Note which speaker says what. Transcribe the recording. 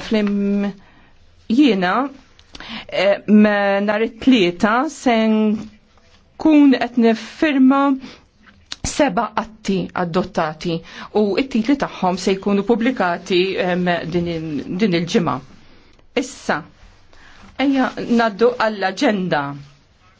Speaker 1: flim jiena eh, nhar it-tlieta se nkun qed nifferma seba atti adottati u it-titli tagħhom se jkunu pubblikati din il-ġimgħa. Issa, ejja
Speaker 2: naddu għall-aġenda